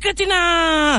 dikkati na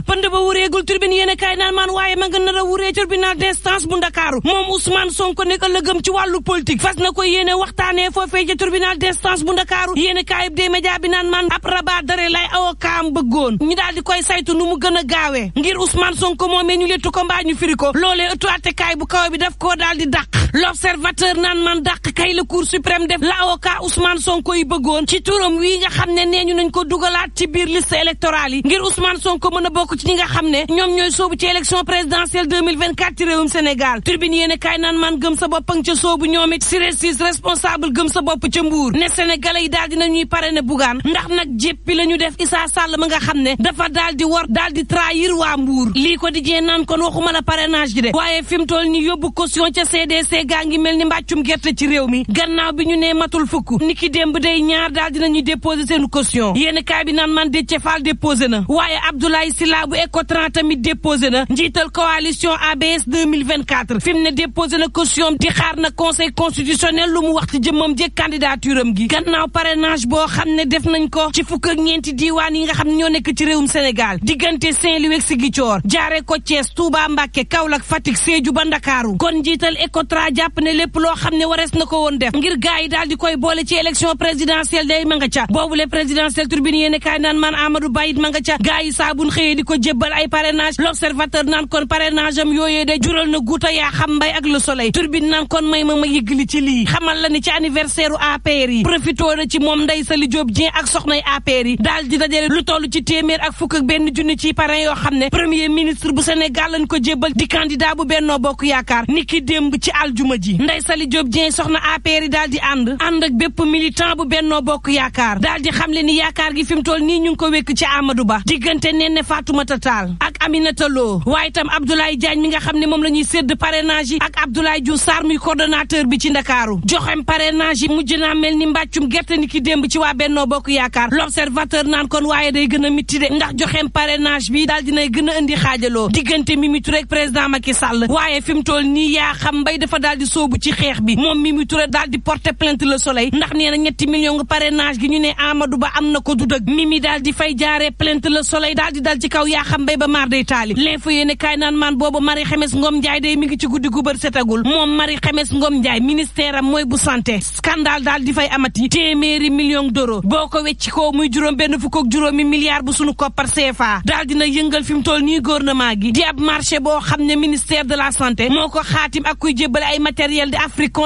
pënd ba wureegul turbine yéen a kaay naan maan waaye ma nga nar a wuree tribunal d'instance bu ndakaaru moom Ousmane Sonko nekk ëllëgëm ci wàllu politique fas na ko yéene waxtaanee foofee ci tribunal d'instance bu ndakaaru yéen a kaay des médias bi naan maan ab rabat d'arrêt lay awokaam bëggoon ñi daal di koy saytu nu mu gën a gaawee ngir Ousmane Sonko moomee ñu lettu ñu firi ko loolee ëttu attekaay bu kaw bi daf koo daal di dàq l'observateur naan man dàq kay la cour suprême def la avocat Ousmane Sonko bëggoon ci turam wii nga xam ne nee ñu nañ ko dugalaat ci biir liste électorale yi ngir Ousmane Sonko mën a bokk ci ñi nga xam ne ñoom ñooy soobu ci élection présidentielle 2024 ci réewum Sénégal turbine yéen kaay naan maan gëm sa bopp ak ca soobu ñoom it Siré Sis responsable gëm sa bopp ca Mbour ne Sénégalais yi daal dina ñuy pare na bugaan ndax nag jéppi la ñu def Issa Sall ma nga xam ne dafa daal di war daal di trahir waa Mbour lii ko di jee naan kon waxuma la pare ji de waaye fi mu toll ni yóbbu caution ca CDC gaa ngi mel ni mbàccum gerte ci réew mi gannaaw bi ñu nee matul fukk niki démb day ñaar daal dinañuy déposé seen caution yéen kaay bi naan man Déthié Fall déposé na waaye Abdoulaye Sylla bu Ecotra tamit déposé na njiital coalition ABS 2024 fi mu ne déposé na caution di xaar na conseil constitutionnel lu mu wax ci jëmmam jëkk candidature am gi gannaaw parrainage boo xam ne def nañ ko ci fukk ak ñeenti diiwaan yi nga xam ne ñoo nekk ci réewum Sénégal diggante Saint-Louis ak Ziguinchor jaare ko Thiès Touba Mbacké Kaolack Fatick Sédhiou ba Ndakaaru kon njiital Ecotra jàpp ne lépp loo xam ne warees na ko woon def ngir gaay yi daal di koy boole ci élection présidentielle day ma nga ca boobu le présidentielle turbine yéene kaay naan man Amadou nga ca ay yi saa di ko jébbal ay parrainage l'observateur naan kon parrainage am yooyee de jural na guuta yaa xam mbay ak le soleil turbine naan kon may ma ma yëgli ci lii xamal la ni ci anniversaire u APR yi profitoo na ci moom Ndeye sali Diop Dieng ak soxnay APR yi daal di dajale lu toll ci téeméer ak fukk ak benn junni ci parrain yoo xam ne premier ministre bu Sénégal lañ ko jébbal di candidat bu Benno Bokk Yaakaar ni ki démb ci aljuma ji Ndeye sali Diop Dieng soxna APR yi daal di ànd ànd ak bépp militant bu Benno Bokk Yaakaar daal di xamle ni yaakaar gi fi mu toll nii ñu ngi ko wékk ci Amadou Ba diggante Néné Fatoumata Tall ak Aminata Lo waaye itam Abdoulaye Diagne mi nga xam ne moom la ñuy sédd parrainage yi ak Abdoulaye Diouf Sarr muy coordonnateur bi ci Ndakaaru joxem parrainage yi mel ni mbàccum gerte ki démb ci waa Bennoo Bokk Yaakaar l'observateur naan kon waaye day gën a mitti de ndax joxem parrainage bi daal dinay gën a indi xaajaloo diggante Mimi Touré ak président Macky Sall waaye fi mu toll nii yaa xam mbay dafa daal di soobu ci xeex bi moom Mimi Touré daal di porter plainte le soleil ndax nee na ñetti million parrainage gi ñu ne Amadou Ba am na ko du dëgg Mimi daal di fay jaaree plainte le soleil daal di dal ci kaw yaa xam mbéy ba maar day taali l'info yéene kaay naan maan booba Marie Xemes Ngom Ndiaye day mi ngi ci guddi gubar setagul moom Marie Xemes Ngom Ndiaye ministère am mooy bu santé scandale daal fay amati téeméeri million d'euros boo ko wecci koo muy juróom benn fukk ak juróomi milliard bu sunu koppar CFA daal dina yëngal fi tool toll nii gouvernement gi di ab marché boo xam ne ministère de la santé moo ko xaatim ak kuy jébbale ay matériel de Afrique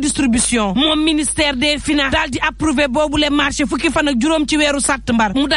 distribution moom ministère des finances daal boobu le marché fukki fan ak juróom ci weeru sàttumbar mu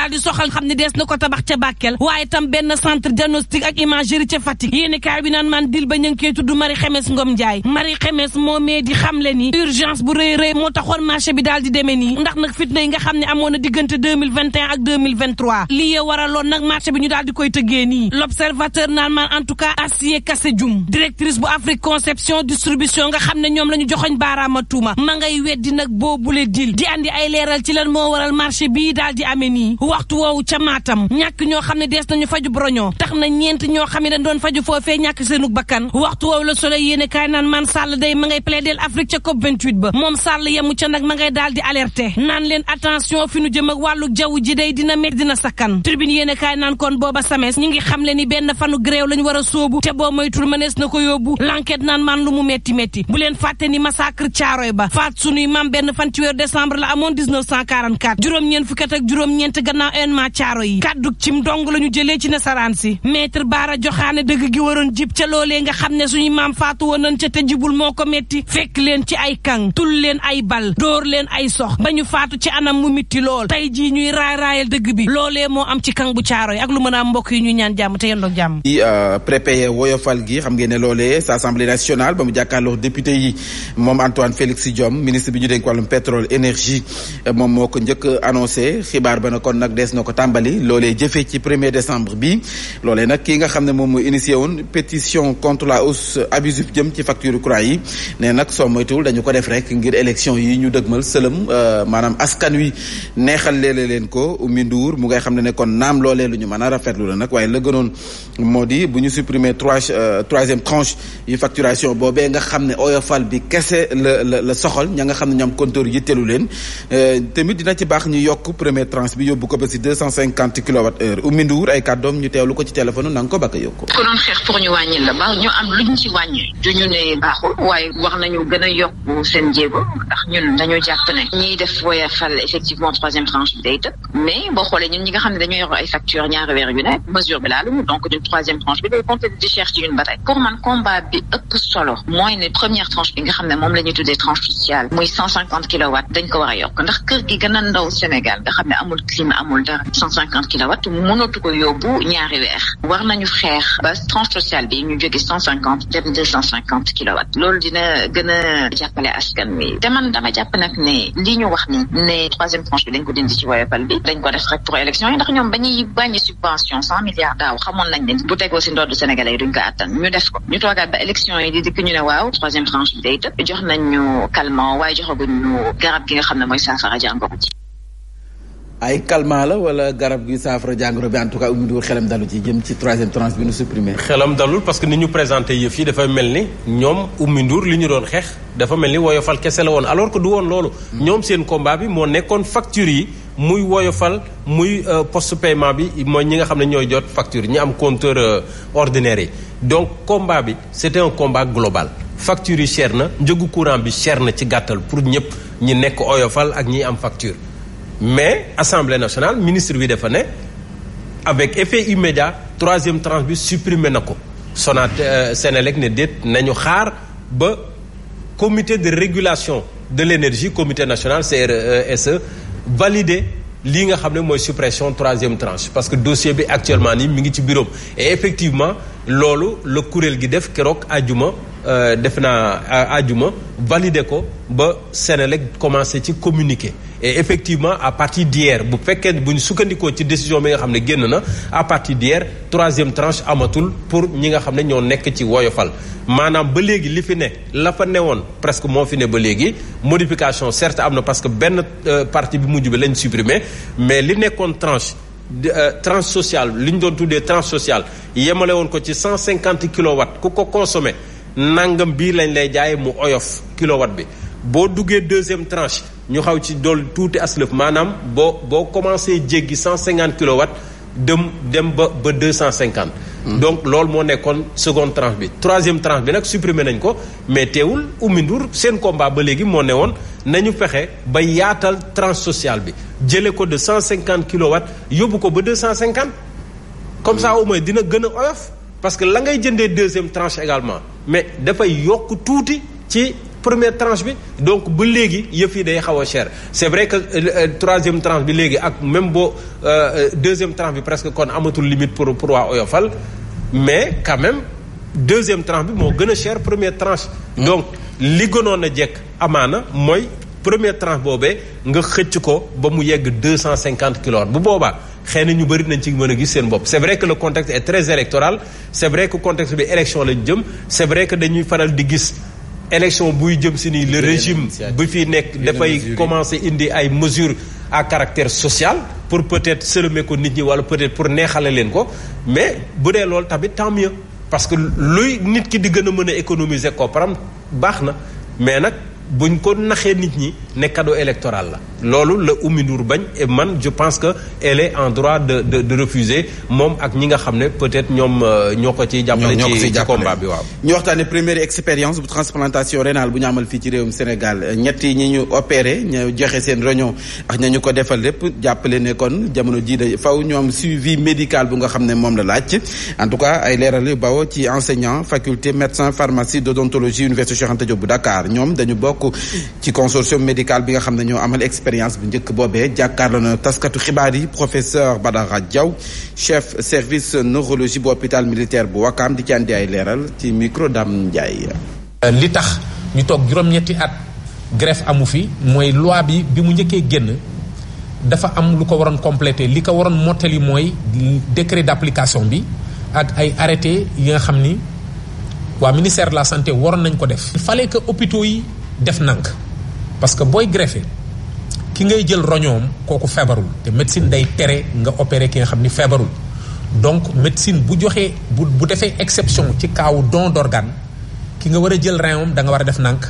tabax ca Bakel waaye tam benn centre diagnostic ak imagerie ca Fatick yéeni kaay bi naan man dil ba ñu ngi koy tudd Marie Xemes Ngom Ndiaye mari Xemes moo mee di xamle ni urgence bu rëy rëy moo taxoon marché bi daal di demee nii ndax nag fitna yi nga xam ne amoon na diggante 2021 ak 2023 lii waraloon nag marché bi ñu daal di koy tëggee ni l'observateur naan man en tout cas Asiye Kassé Dioum directrice bu Afrique conception distribution nga xam ne ñoom la ñu joxoñ baaraama tuuma ma ngay weddi nag boobule dil di andi ay leeral ci lan moo waral marché bii daal di amee nii waxtu woowu ca Matam ñàkk ñoo xam ne dees nañu faju broñoo tax na ñeent ñoo xam ne dañ doon faju foofee ñàkk seenu bakkan waxtu woowu la Soleil yéene kaay naan man Sall day ma ngay plaider Afrique ca COP 28 ba moom Sall yemu ca nag ma ngay daal di alerter naan leen attention fi nu jëm ak wàllu ji day dina met dina sakkan tribune yéene kaay naan kon booba samees ñi ngi xam le ni benn fanu gréew lañu war a sóobu te boo moytul mënees na ko yóbbu l'enquête naan man lu mu metti metti bu leen fàtte ni massacre caaroy ba faat sunuy maam benn fan ci weeru décembre la amoon 1944 juróom-ñeent fukkat ñeent gannaaw événement caaro yi kaddug cim dong la ñu jëlee ci nasaraan si maître baara joxaane dëgg gi waroon jib ca loolee nga xam ne suñu maam faatu woon nañ ca te jibul moo ko metti fekk leen ci ay kang tul leen ay bal dóor leen ay sox ba ñu faatu ci anam mu mitti lool tey jii ñuy raay raayal dëgg bi loolee moo am ci kang bu caaro yi ak lu mën a mbokk yi ñuy ñaan jàmm te yendoog jàmm i euh, prépayé woyofal gi xam ngeen ne loolee sa assemblée nationale ba mu jàkkaarloo député yi moom Antoine Félix Diome ministre bi ñu dénk wàllum pétrole énergie moom moo ko njëkk annoncé xibaar ba na kon nag dees na ko tàmbali koy jëfee ci premier décembre bi loolee nag ki nga xam ne moom moo initié woon pétition contre la hausse abusive jëm ci facture courant yi ne nag soo moytuwul dañu ko def rek ngir élection yi ñu dëgmal sëlëm euh, maanaam askan wi neexal leele leen ko Oumy Ndour mu ngay xam ne ne kon naam loolee lu ñu mën a rafetlu la nag waaye la gënoon moo di bu ñu supprimer trois euh, troisième tranche yu facturation boobee nga xam ne oyofal bi kese la la la soxal ña nga xam ne ñoom compteur yitteelu leen euh, tamit dina ñu yokk premier tranche bi ko ba si deux kilowatt heure Oumy Ndour ay kàddoom ñu teewlu ko ci téléphone nanga ko bakk yokk ko doon xeex pour ñu wàññil la ba ñu am luñ ci wàññi du ñu ne baaxul waaye wax nañu gën a yokk seen jéego ndax ñun dañoo jàpp ne xam ne facture ñaari weer yu ne mesure bi laa donc ñun troisième tranche bi day compter di cher ci ñun pour man combat bi ëpp solo mooy ne première tranche bi nga xam ne moom la ñuy tuddee tranche sociale muy cent cinquante kilowatts dañ yokk ndax kër gi gën a xam ne amul clim amul dara cent cinquante kilowatts tawat mu mënatu ko yóbbu ñaari weer war nañu xeex ba tranche sociale bi ñu jóge cent cinquante dem deux cent cinquante kilowatts loolu dina gën a jàppale askan wi te man dama jàpp nag ne li ñu wax ni ne troisième tranche bi dañ ko dindi ci woyofal bi ko def rek pour élection yi ndax ñoom ba ñuy wàññi subvention cent milliards daaw xamoon nañ ne bu tegoo si ndoddu Sénégalais yi duñ ko àttan ñu def ko ñu toogaat ba élection yi di dikk ñu ne waaw troisième tranche bi day tëb jox nañ ñu calmant waaye joxaguñ ñu garab gi nga xam ne mooy saafara jàngoro ji ay calmant la wala garab gi saafara jàngoro bi en tout cas umidu xelam ci jëm ci troisième tranche bi nu supprimer xelam dalul parce que ni ñu présenté yëf yi dafa mel ni ñoom Oumy Ndour li ñu doon xeex dafa mel ni woyofal kese la woon alors que du woon loolu ñoom seen combat bi moo nekkoon facture yi muy woyofal muy euh, post paiement bi mooy ñi nga xam ne ñooy jot facture ñi am compteur euh, ordinaire yi donc combat bi c'était un combat global facture yi cher na njëgu courant bi cher na ci gàttal pour ñëpp ñi nekk oyofal ak ñiy am facture mais assemblée nationale ministre bi dafa ne avec effet immédiat troisième tranche bi supprimer na ko Sonat euh, Senelec ne déet nañu xaar ba comité de régulation de l'énergie commité national CRSE e, valider lii nga xam ne mooy suppression troisième tranche parce que dossier bi actuellement nii mi ngi ci bureau effectivement loolu la kuréel gi def keroog àjjuma Euh, def naa àjjuma valider ko ba Sénélec commencé ci communiquer et effectivement à partir d'hier bu fekkee bu ñu sukkandikoo ci décision bi nga xam ne génn na à partir d'hier troisième tranche amatul pour ñi nga xam ne ñoo nekk ci woyofal maanaam ba léegi li fi ne la fa newoon presque moo fi ne ba léegi modification certes am na parce que benn euh, partie bi mujj bi lañ supprimer mais li nekkoon tranche euh, tranche sociale li ñu doon tuddee tranche sociale yemale woon ko ci cent cinquante kilowatts ku ko consommer nangam bii lañ lay jaay mu oyof kilowatt bi boo duggee deuxième tranche ñu xaw ci dool tuuti aslëf maanaam boo boo commencé jéggi cent cinquante kilowatt dem dem ba ba deux cent cinquante hmm. donc loolu moo nekkoon seconde tranche bi troisième tranche bi nag suprimer nañ ko mais teewul umindur seen combat ba léegi moo ne woon nañu fexe ba yaatal tranche sociale bi jële ko de cent cinquante kilowatt yóbbu ko ba deux cent cinquante comme ça hmm. au moins dina gën a oyof parce que la ngay jëndee deuxième tranche également mais dafay yokk tuuti ci première tranche bi donc ba léegi yëf yi day xaw a cher c'est vrai que euh, euh, troisième tranche bi léegi ak même boo euh, deuxième tranche bi presque kon amatul limite pour pour waa oyofal mais quand même deuxième tranche bi moo gën a cher première tranche. Mm. donc li gënoon a jekk amaana mooy première tranche boobee nga xëcc ko ba mu yegg deux cent cinquante kilos bu boobaa. xëy na ñu bëri nañ ci mën a gis seen bopp c'est vrai que le contexte est très électoral c'est vrai que contexte bi élection lañ jëm c'est vrai que dañuy faral di gis élection buy jëm si nii le régime bu fi nekk dafay commencer indi ay mesures à caractère social pour peut-être sëlëme ko nit ñi wala peut-être pour neexale leen ko mais bu dee loolu tamit tant mieux parce que luy nit ki di gën a mën a économiser kopparaam baax na mais nag buñ ko naxee nit ñi ne cadeau électoral la loolu la Oumy Ndour bañ man je pense que elle est en droit de de moom ak ñi nga xam ne peut-être ñoom euh, ñoo ko ciy jàppale ci ci combat bi waaw ñu waxtaane première expérience bu transplantation rénale bu ñu amal fii ci réewum Sénégal ñetti ñi ñu opéré ñu joxe seen réunion ak ña ñu ko defal lépp jàppale ne kon jamono jii da faw ñoom suivi médical bu nga xam ne moom la laaj en tout cas ay leeral yu bawoo ci enseignant faculté médecin pharmacie d'odontologie université Cheikh Anta Diop bu Dakar ñoom dañu bokk sàkku ci consortium médical bi nga xam ne ñoo amal expérience bu njëkk boobee jàkkaarloo na taskatu xibaar yi professeur Badara Diaw chef service neurologie bu hôpital militaire bu Wakaam di ci andi ay leeral ci micro Dame Ndiaye. Euh, li tax ñu toog juróom-ñetti at greffe amu fi mooy loi bi bi mu njëkkee génn. dafa am lu ko waroon complété li ko waroon mottali mooy décret d'application bi ak ay arrêté yi nga xam ni waa ministère la santé waroon nañ ko def. def nank parce que booy greffé ki ngay jël roñoom kooku feebarul te médecine day tere nga opéré ki nga xam ni feebarul donc médecine bu joxee bu bu defee exception ci kaawu don d'organe ki nga war a jël rein da nga war a def nànk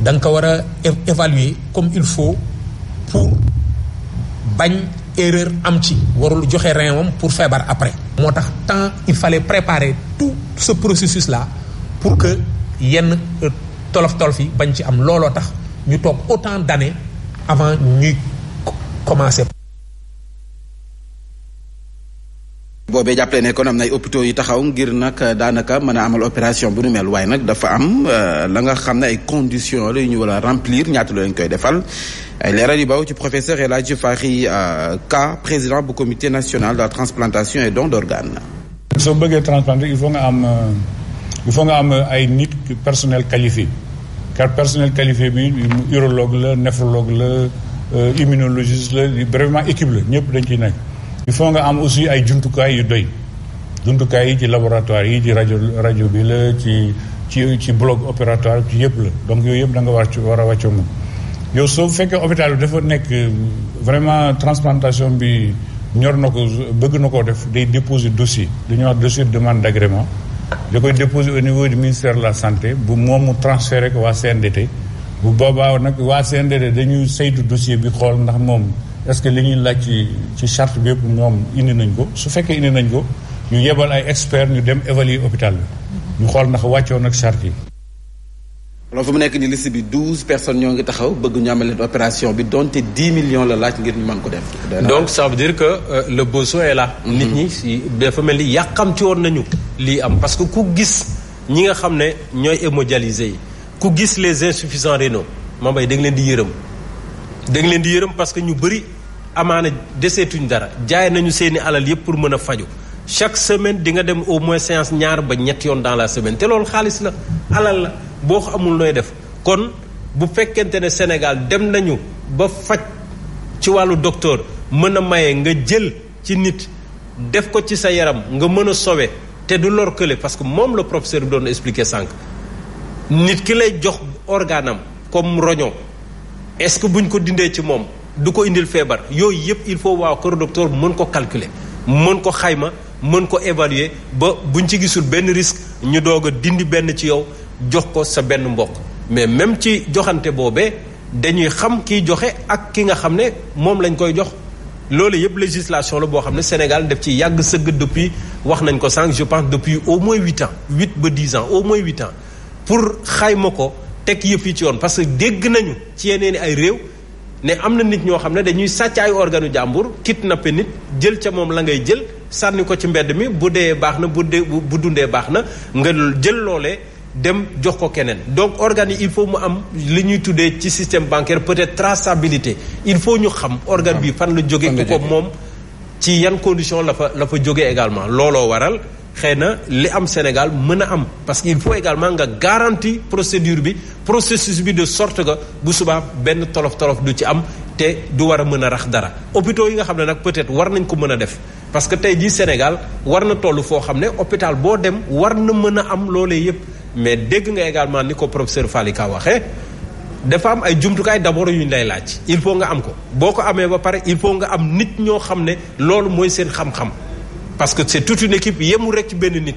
da nga ko war a évaluer comme il faut pour bañ erreur am ci warul joxe rein pour feebar après moo tax temps il fallait préparer tout sa processus la pour que yenn tolof tolof bañ ci am looloo tax ñu toog autant d'années avant ñuy commencer. boobee jàppale ne kon am nay hôpitaux yi taxaw ngir nag daanaka mën a amal opération bu nu mel waaye nag dafa am euh, la nga xam ne ay conditions la ñu war remplir ñaata la ñu koy defal ay leeral yu baw ci professeur El Hadji Fakhri euh, Ka président bu comité national de la transplantation et don d'organes. soo bëggee transplanter il faut nga am euh, il faut nga am ay nit personnel qualifié. car personnel qualifié bi urologue la néphrologue la euh, immunologiste la vraiment équipe la ñëpp dañ ciy nekk. il faut nga am aussi ay jumtukaay yu doy jumtukaay yi ci laboratoire yi ci rajo rajo bi la ci ci ci bloc opératoire ci yëpp la donc yooyu yëpp da nga war war a wàccoo yow soo fekkee hôpital bi dafa nekk vraiment transplantation bi ñor na ko bëgg na koo def day déposer dossier dañuy wax dossier de demande d' agrément. da koy déposé au niveau du ministère de la santé bu moom mu transféré ko waa CNDT bu boobaa nag waa CNDT dañuy saytu dossier bi xool ndax moom est ce que li ñuy laaj ci ci charte bi yëpp indi nañ ko su fekkee indi nañ ko ñu yebal ay experts ñu dem évaluer hôpital bi ñu xool ndax wàccoon ak charte yi. loolu fu mu nekk nii liste bi douze personnes ñoo ngi taxaw bëgg ñu amal leen bi donte dix la laaj ngir ñu mën ko def. donc ça veut dire que euh, le besoin est là. Mm-hmm. nit ñi dafa mel ni yàqamti woon nañu. lii am parce que ku gis ñi nga xam ne ñooy hémodialysé yi ku gis les insuffisants rénaux mambay may nga leen di yërëm da leen di yërëm parce que ñu bëri amaana deseetuñ dara jaay nañu seeni alal yëpp pour mën a faju chaque semaine di nga dem au moins séance ñaar ba ñett yoon dans la semaine te loolu xaalis la alal la boo ko amul nooy def kon bu fekkente ne Sénégal dem nañu ba faj ci wàllu docteur mën a maye nga jël ci nit def ko ci sa yaram nga mën a sowe te du lor kële parce que moom la professeur bi doon expliquer sànq nit ki lay jox organam comme roño est-ce que buñ ko dindee ci moom du ko indil feebar yooyu yëpp il faut waaw kër docteur mën ko calculer mën ko xayma mën ko évaluer ba buñ ci gisul benn risque ñu doog a dindi benn ci yow jox ko sa benn mbokk mais même ci joxante boobee dañuy xam kiy joxe ak ki nga xam ne moom lañ koy jox loolu yëpp législation la boo xam ne Sénégal def ci yàgg sëgg depuis wax nañ ko sànq je pense depuis au moins huit ans huit ba dix an au moins huit ans pour xayma ko teg yëpp yi ci yoon parce que dégg nañu ci yeneen ay réew ne am na nit ñoo xam ne dañuy sàcc ay organu jàmbur nappe nit jël ca moom la ngay jël sànni ko ci mbedd mi bu dee baax na bu dee bu dundee baax na nga jël loole dem jox ko keneen donc organes yi il faut mu am li ñuy tuddee ci système bancaire peut-être traçabilité il faut ñu xam organe bi fan la jóge ku ko moom ci yan condition la fa la fa jóge également looloo waral xëy na li am Sénégal mën a am parce que il faut également nga garantie procédure bi processus bi de sorte que bu subaa benn tolof tolof du ci am te du war a mën a rax dara hôpitaux yi nga xam ne nag peut-être war nañ ko mën a def parce que tey jii Sénégal war na toll foo xam ne hôpital boo dem war na mën a am loolee yëpp mais dégg nga également ni ko professeur Falika waxee dafa am ay jumtukaay d'abord yu ñu lay laaj il faut nga am ko boo ko amee ba pare il faut nga am nit ñoo xam ne loolu mooy seen xam-xam parce que c'est toute une équipe yemul rek ci benn nit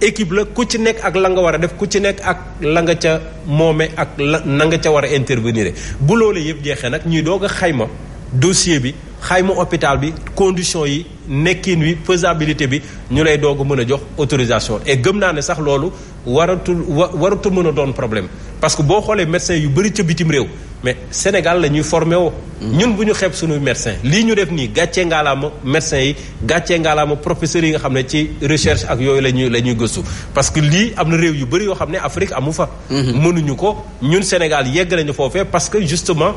équipe la ku ci nekk ak la nga war a def ku ci nekk ak la nga ca moome ak la na nga ca war a intervenir bu loolee yëpp jeexee nag ñuy doog a xayma dossier bi xayma hôpital bi condition yi nekkin wi faisabilité bi ñu lay doog mën a jox autorisation et gëm naa ne sax loolu waratul wa waratul mën a doon problème parce que boo xoolee médecin yu bëri ca bitim réew mais Sénégal la ñuy formé mm. ñun bu ñu xeeb suñuy médecin lii ñu def nii gàccee ngaalaama médecin yi gàccee ngaalaama professeurs yi nga xam ne ci recherche ak yooyu la ñuy la ñuy gëstu parce que lii am na réew yu bëri yoo xam ne Afrique amu fa mm-hmm. mënuñu ko ñun Sénégal yegg nañu foofee parce que justement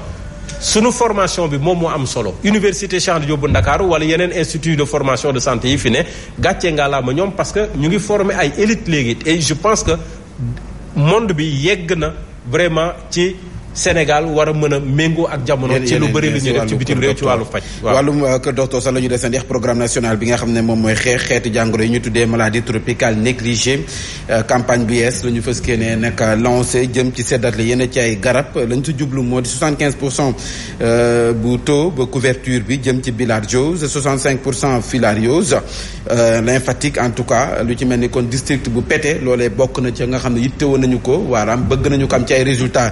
sunu formation bi moom moo am solo université Cheikh Anta bu Ndakaaru wala yeneen institut de formation de santé yi fi ne gàccee ngaa laa ma ñoom parce que ñu ngi former ay élite léegi et je pense que monde bi yegg na vraiment ci Sénégal war a mën a méngoo ak jamono ci lu bëri lu ñu def ci bitim réew ci wàllu faj wàllum euh, kër docteur sax la ñu desandi programme national bi nga xam ne moom mooy xeex xeeti jàngoro yi ñu tuddee maladie tropicale négligée euh, campagne bi yees la ñu fës kee ne nag euh, lancé jëm ci seddat la yenn ci ay garab lañ si jublu moo di 75 pour cent bu taux ba couverture bi jëm ci bilharziose 65 pour cent filariose lymphatique en tout cas lu ci mel ni kon district bu pété loolee bokk na nga xam ne yittewoon nañu ko waaraam bëgg nañu ko am ci ay résultats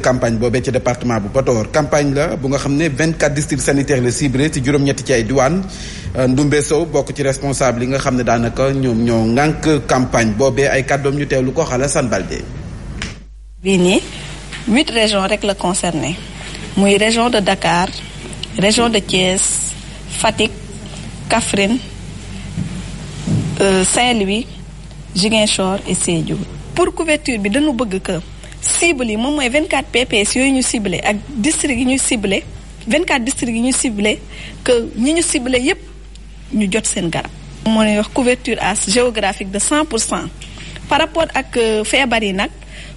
deuxième campagne boobee ci département bu Batoor campagne la bu nga xam ne vingt quatre districts sanitaires la ciblé ci juróom-ñetti ci ay diwaan euh, Ndumbe Sow bokk ci responsable yi nga xam ne daanaka ñoom ñoo ŋànk campagne boobee ay kàddoom ñu lu ko xala San Balde. bii nii huit régions rek la concerné muy région de Dakar région de Thiès Fatick Kaffrine euh, Saint-Louis Ziguinchor et Sédhiou. pour couverture bi dañu bëgg que cible yi moom mooy 24 PPS yooyu ñu ciblé ak district yi ñu ciblé 24 districts yi ñu ciblé que ñi ñu ciblé yépp ñu jot seen garab. moo ne wax couverture à géographique de 100 pour cent par rapport ak euh, feebar yi nag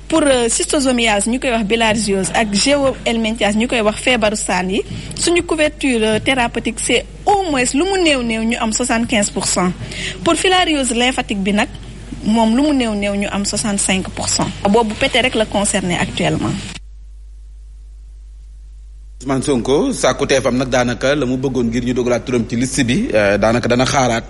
pour euh, schistosomiase ñu koy wax bilharziose ak géohelminthiase ñu koy wax feebaru saan yi suñu couverture euh, thérapeutique c'est au moins lu mu néew néew ñu am 75 pour cent pour filariose lymphatique bi nag. moom lu mu néew néew ñu am 65 pour cent. boobu pete rek la concerné actuellement. Ousmane Sonko sàkku teefam nag daanaka la mu bëggoon ngir ñu dogalaat turam ci liste bi euh, daanaka dana xaaraat.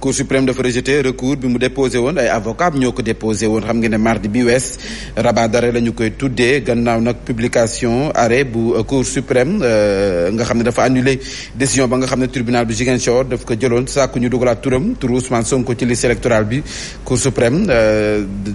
cour suprême dafa rejeté recours bi mu déposé woon ay avocat ñoo ko déposé woon xam nga ne mardi bi wees rabat d'arrêt la ñu koy tuddee gannaaw nag publication arrêt bu euh, cour suprême euh, nga xam ne dafa annulé décision ba nga xam ne tribunal bu Ziguinchor daf ko jëloon sàkku ñu dugalaat turam turu Ousmane Sonko ci liste électorale bi cour suprême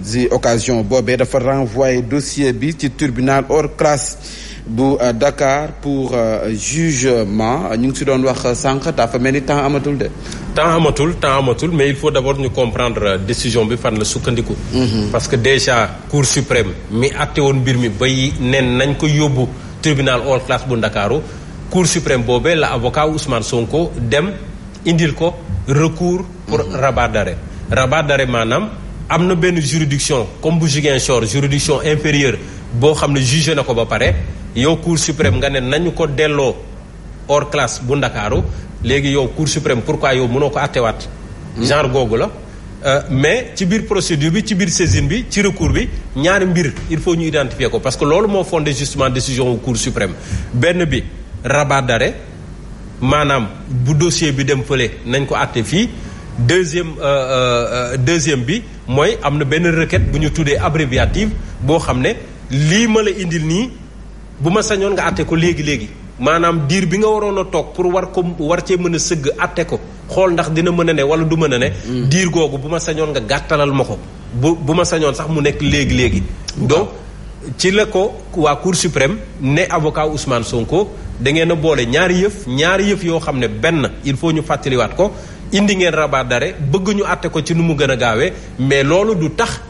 si euh, occasion boobee dafa renvoyé dossier bi ci tribunal or classe bu Dakar pour jugement ñu ngi si doon wax sànq dafa mel ni temps amatul de temps amatul temps amatul mais il faut d'abord ñu comprendre euh, décision bi fan la sukkandiku. Mhm. parce que déjà cour suprême mi àtte woon mbir mi bay nen nañ ko yóbbu tribunal hors classe bu Ndakaaru cour suprême boobee la avocat Ousmane Sonko dem indil ko recours pour mhm. rabat d'arrêt maanaam am na benn juridiction comme bu Ziguinchor juridiction inférieure boo xam ne jugé na ko ba pare yow cour suprême nga ne nañu ko delloo or classe bu Ndakaaru léegi yow cour suprême pourquoi yow mënoo ko waat hmm? genre googu la euh, mais ci biir procédure bi ci biir saisine bi ci recours bi ñaari mbir il faut ñu identifier ko parce que loolu moo fondé justement décision wu cour suprême benn bi rabat d'arrêt maanaam bu dossier bi dem fële nañ ko àtte fii deuxième euh, euh, euh, deuxième bi mooy am na benn requête bu ñu tuddee abréviative boo xam ne lii ma la indil nii bu ma sañoon nga àtte ko léegi léegi maanaam diir bi nga waroon a toog pour war ko war cee mën a sëgg atte ko xool ndax dina mën a ne wala du mën a ne mm. diir googu bu ma sañoon nga gàttalal ma ko bu bu ma sañoon sax mu nekk léegi-léegi donc ci la ko waa cour suprême ne avocat Ousmane Sonko dangeen a boole ñaari yëf ñaari yëf yoo xam ne benn il faut ñu fàttaliwaat ko indi ngeen rabaat dare bëgg ñu àtte ko ci nu mu gën a gaawee mais loolu du tax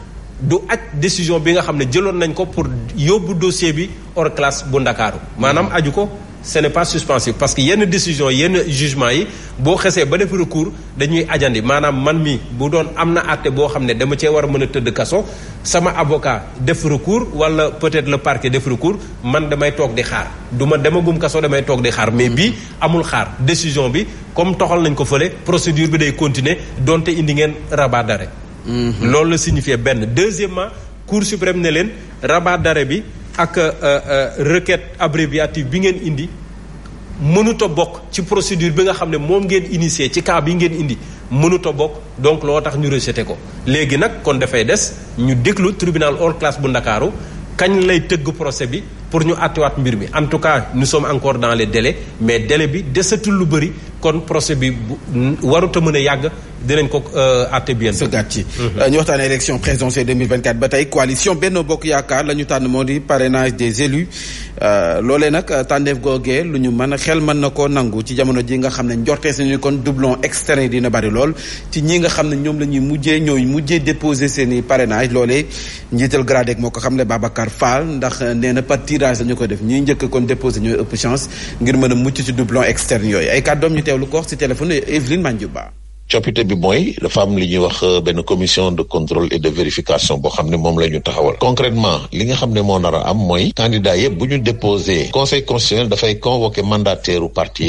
du aj décision bi nga xam ne jëloon nañ ko pour yóbbu dossier bi hors classe bu ndakaaru maanaam aju ko ce n'est pas suspensif parce que yenn décision yenn jugement yi boo xesee ba def recours dañuy ajandi maanaam man mi bu doon am na àtte boo xam ne dama cee war a mën a tëdd kaso sama avocat def recours wala peut-être le parquet def recours man damay toog di xaar du ma demagum kaso damay toog di xaar mais bii amul xaar décision bi comme toxal nañ ko fële procédure bi day continuer donte indi ngeen rabat Mhm. loolu la signifié benn deuxièmement cour suprême ne leen rabat d'arrêt bi ak euh, euh, requête abréviative bi ngeen indi mënuta bokk ci procédure bi nga xam ne moom ngeen initié ci cas yi ngeen indi mënuta bokk donc loo tax ñu rejeté ko léegi nag kon dafay des ñu déglu tribunal hors classe bu Ndakaaru kañ lay tëgg procès bi pour ñu waat mbir mi en tout cas nous sommes encore dans les délais mais délai bi desatul lu bari kon procès bi bu a mën a yàgg dinañ ko àtte euh, bien. su gàtt ci mhm. euh, ñu waxtaanee élection présidentielle 2024 ba tey coalition Benno Bokk Yaakaar la ñu tànn moo di parrainage des élus euh, loolee nag tànneef googee lu ñu mën a xel mën na koo nangu ci jamono ji nga xam ne njortees nañu kon doublon externe dina bari lool ci ñi nga xam ne ñoom la ñuy mujjee ñooy mujjee déposé seeni i loole loolee njiital GRADEC moo ko xam ne Babacar Fall ndax nee na tirage dañu ko def ñiy njëkk kon déposé ñooy ëpp chance ngir mën a mucc ci doublon externe yooyu ay kàddoom ñu teewlu ko wax ci téléphone Evelyne Mandiouba coppite bi mooy dafa am li ñuy wax euh, benn commission de contrôle et de vérification boo xam ne moom la ñu taxawal concrètement li nga xam ne moo nar am mooy candidat yëpp bu ñu déposé conseil constitutionnel dafay convoqué mandataire u parti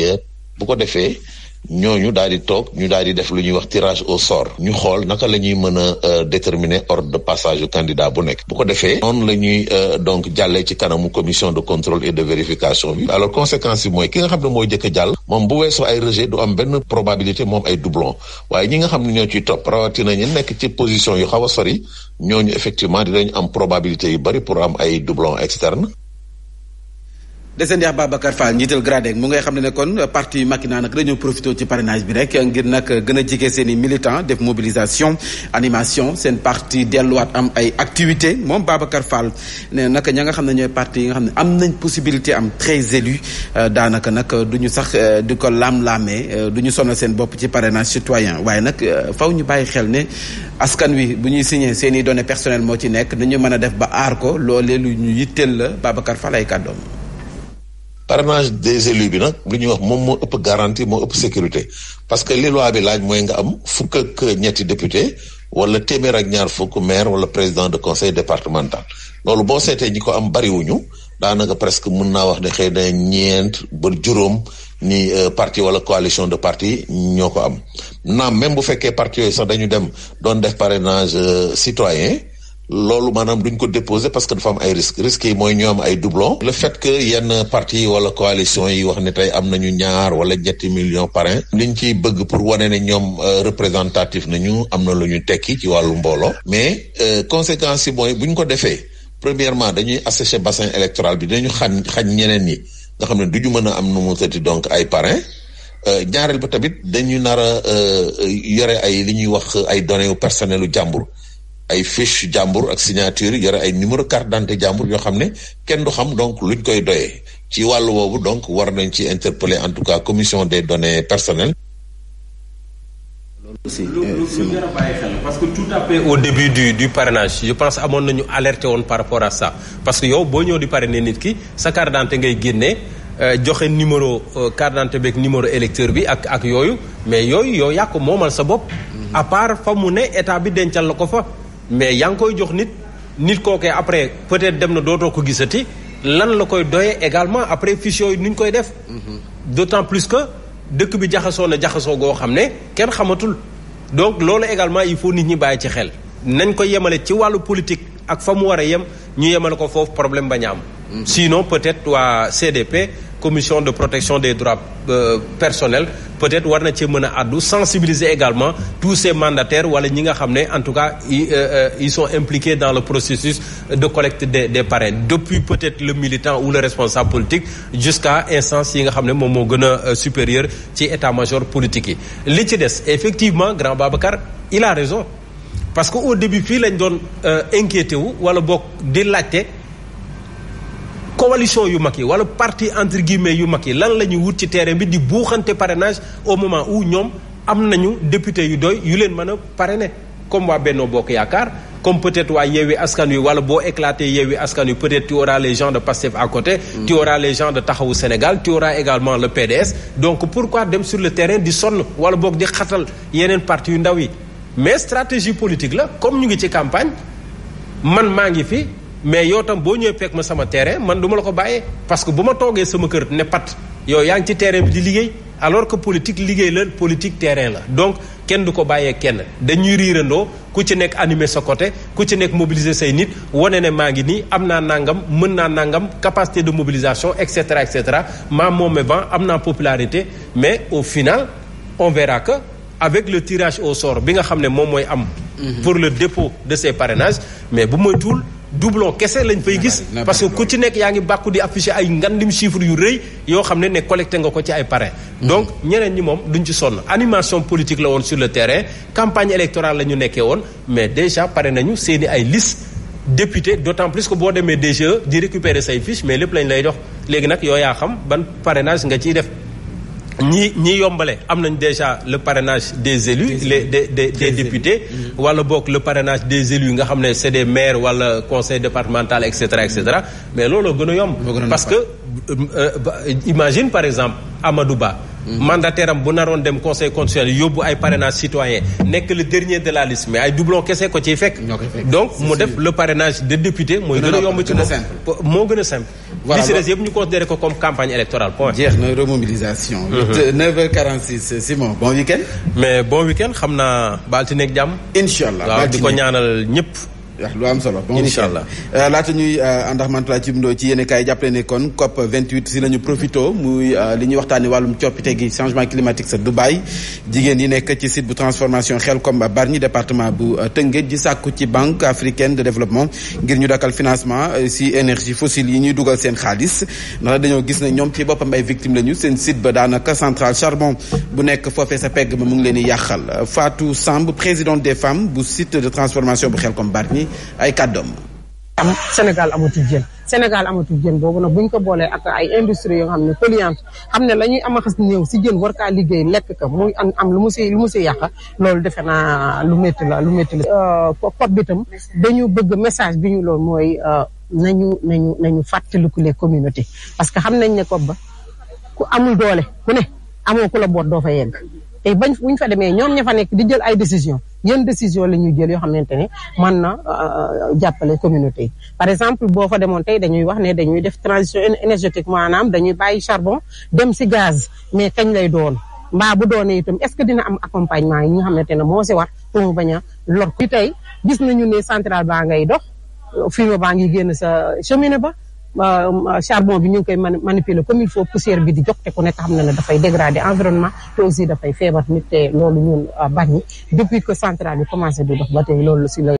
bu ko defee ñooñu daal di toog ñu daal di def lu ñuy wax tirage au sort ñu xool naka la ñuy mën a euh, déterminer ordre de passage yu candidat bu nekk bu ko defee noonu la ñuy euh, donc jàllee ci kanamu commission de contrôle et de vérification bi alors conséquence yi mooy ki nga xam ne mooy jëkk a jàll moom bu weesoo ay rejet du am benn probabilité moom ay doublon waaye ñi nga xam ne ñoo ciy topp rawatina ñu nekk ci position yu xaw a sori ñooñu effectivement dinañ am probabilité yu bari pour am ay doublon externe dese neex Babacar Fall njiital GRADEC mu ngay xam ne ne kon parti yu Macky naa nag dañoo profité bi rek ngir nag gën a jege seen i militant animation seen parti delluwaat am ay activité moom Babacar Fall ne nag ña nga xam ne ñooy parti yi nga xam ne am nañ possibilité am très euh, daanaka nag du ñu sax euh, di ko laam-laamee euh, du ñu sonal seen bopp ci parrainage citoyen waaye nag faw ñu bàyyi xel ne askan wi bu ñuy signé seen i données personnelles moo ci nekk nu ñu mën a def ba aar ko loolee lu ñu yitteel la Babacar Fall ay kàddoom parrainage des élus bi nag lu ñuy wax moom moo ëpp garantie moo ëpp sécurité parce que li loi bi laaj mooy nga am fukk ak ñetti député wala téeméer ak ñaar fukk maire wala président de conseil départemental loolu boo seetee ñi ko am bariwuñu daanaka presque mun naa wax ne xëy na ñeent ba juróom ni euh, parti wala coalition de parti ñoo ko am naam même bu fekkee parti yooyu sax dañu dem doon def parrainage euh, citoyen loolu maanaam duñ ko déposé parce que dafa am ay risque risques yi mooy ñoom ay doublons. le fait que yenn parti wala coalition yi wax ne tey am nañu ñaar wala ñetti millions parrain liñ ciy bëgg pour wane ne ñoom euh, na ñu am na lu ñu tekki ci wàllu mbooloo. mais euh, conséquence yi mooy buñ ko defee premièrement dañuy assécher bassin électoral bi dañu xam xañ ñeneen yi nga xam ne du ñu mën a am nu mu tëddi donc ay parrain euh, ñaareel ba tamit dañu nar a yore ay li ñuy wax ay données personnelles u jàmbur. ay fiche jàmbur ak signature yore ay numéro carte d'identité jàmbur yoo xam ne kenn du xam donc luñ koy doyee ci wàllu woowu donc war nañ ci interpeller en tout cas commission des données personnelles aussi euh, début du du parrainage je pense amoon nañu alerté woon par rapport à sa parce que yow boo ñëw di pare ne nit ki sa carte d'identité ngay génnee euh, joxe numéro euh, carte d'identité beeg numéro électeur bi ak ak yooyu mais yooyu yow yaa moomal sa bopp mm-hmm. à part fa mu ne état bi dencal la ko fa mais yaa ngi koy jox nit nit kookee après peut-être dem na dootoo ko gisati lan la koy doyee également après fiches yooyu nu ñu koy def. Mm-hmm. d'autant plus que dëkk bi jaxasoo na jaxasoo goo xam ne kenn xamatul. donc loolu également il faut nit ñi bàyyi ci xel nañ ko yemale ci wàllu politique ak fa mu war a yem ñu yemale ko foofu problème bañ a am. Mm-hmm. sinon peut-être waa CDP. commission de protection des droits euh, personnels peut-être war na cee mën a àddu sensibiliser également tous ces mandataires wala ñi nga xam ne en tout cas ils, euh, euh, ils sont impliqués dans le processus de collecte des des parrains depuis peut-être le militant ou le responsable politique jusqu'à instance yi nga xam ne moom moo gën a euh, supérieur ci état-major politique yi li ci des effectivement grand Babacar il a raison parce que au début fii lañ doon euh, inquiété wu wala boog di laajte coalition yu mag yi wala parti entre guillemets yu mag yi lan la ñuy wut ci terrain bi di buuxante parrainage au moment où ñoom am nañu député yu doy yu leen mën a parrainer comme waa Benno Bokk Yaakaar comme peut-être waa Yewwi Askan Wi wala boo éclaté Yewwi Askan Wi peut-être tu auras les gens de Pastef à côté mm. tu auras les gens de Taxawu Sénégal tu auras également le PDS donc pourquoi dem sur le terrain di sonn wala boog di xatal yeneen parti yu ndaw yi mais stratégie politique la comme ñu ngi ci campagne man maa ngi fi mais yow tam boo ñëwee peek ma sama terrain man duma la ko bàyyee parce que bu ma toogee sama kër ne pat yow yaa ngi ci terrain bi di liggéey alors que politique liggéey la politique terrain la donc kenn du ko bàyyee kenn dañuy riirandoo ku ci nekk animer sa côté ku ci nekk mobiliser say nit wane ne maa ngi nii am naa nangam mën naa nangam capacité de mobilisation et cetera et cetera maa moom vent am naa popularité mais au final on verra avec le tirage au sort bi nga xam ne moom mooy am. Mhm. pour le dépôt de ces mais bu moytuwul doublon kese lañ fay gis parce que ku ci nekk yaa ngi bàkku di affiché ay ngandim chiffre yu rëy yoo xam ne ne collecté nga ko ci ay parrain mm-hmm. donc ñeneen ñi moom duñ ci sonn animation politique la woon sur le terrain campagne électorale la ñu nekkee woon mais déjà pare nañu seeni ay liste député d'autant plus que boo demee DGE di récupérer say fiche mais lépp lañ lay dox léegi nag yoo yaa xam ban parrainage nga ciy def ñii ñi yombale am nañ déjà le parrainage des élus les des des, des députés mm-hmm. wala boog le parrainage des élus nga xam ne c'est des maires wala conseil départemental et cetera et cetera mm-hmm. mais looloo gën a yomb parce que euh, euh imagine par exemple Amadou Ba Mhm. mandataire am bu naroon dem conseil constitutionnel yóbbu ay parrainage citoyen nekk le dernier de la liste mais ay doublon kese ko ciy fekk. donc mu def le parrainage de député mooy gën a yomb ci moom moo gën a simple. voilà li si des yëpp ñu considéré ko comme campagne électorale point. jeex na remobilisation. 9h46 mhm. euh, Simon bon week-end. mais bon week-end xam naa baal ci nekk jàmm. incha allah baal di ko ñaanal ñëpp. waaw eh, lu am solo bon incha allah eh, laata ñuy eh, àndax mantula ci bindoo ci yéen kaay jàppale ne kon COP 28 si la ñu profito muy li ñuy waxtaanee wàllum coppite gi changement climatique sa Dubaï jigéen yi nekk ci site bu transformation Xelcom Bargny département bu Tëngéej di sàkku ci banque africaine de développement ngir ñu dakkal financement si énergie fossile yi ñuy dugal seen xaalis ndax dañoo gis ne ñoom ci boppam ay victime la ñu seen site ba daanaka centrale charbon bu nekk foofee mu ngi leen di yàqal Fatou Samb présidente des femmes bu site de bu Xelcom Bargny ay kaddoom kàddoom. am Sénégal amatul jën Sénégal amatul jën boobu nag buñ ko boolee ak ay industrie yoo xam ne polluante xam ne la ñuy am a xas si jën war kaa liggéey lekk ka muy am am lu mu si lu mu si loolu defe naa lu métti la lu métti la. Euh, pot bi tam dañu bëgg message bi ñu loolu mooy euh, nañu nañu nañu fàttaliku les communautés parce que xam nañ ne ko ba ku amul doole ku ne amoo ku la boot doo fa yegg te bañ ñu fa demee ñoom ña fa nekk di jël ay décision yan décision la ñuy jël yoo xamante ne mën na euh, jàppale communauté par exemple boo fa demoon tey dañuy wax ne dañuy def transition énergétique maanaam dañuy bàyyi charbon dem si gaz mais kañ lay doon mbaa bu doonee itam est-ce que dina am accompagnement yi nga xamante ne moo si war pour mu bañ a lor. tey gis nañu ne centrale baa ngay dox fumier baa ngi génn sa cheminée ba. Euh, euh, charbon bi ñu ngi koy manipuler comme il faut poussière bi di jox te ku nekk xam na ne dafay dégrader environnement te aussi dafay feebar nit te loolu ñun euh, bañ depuis que centrale bi commencé di dox ba tey loolu si la.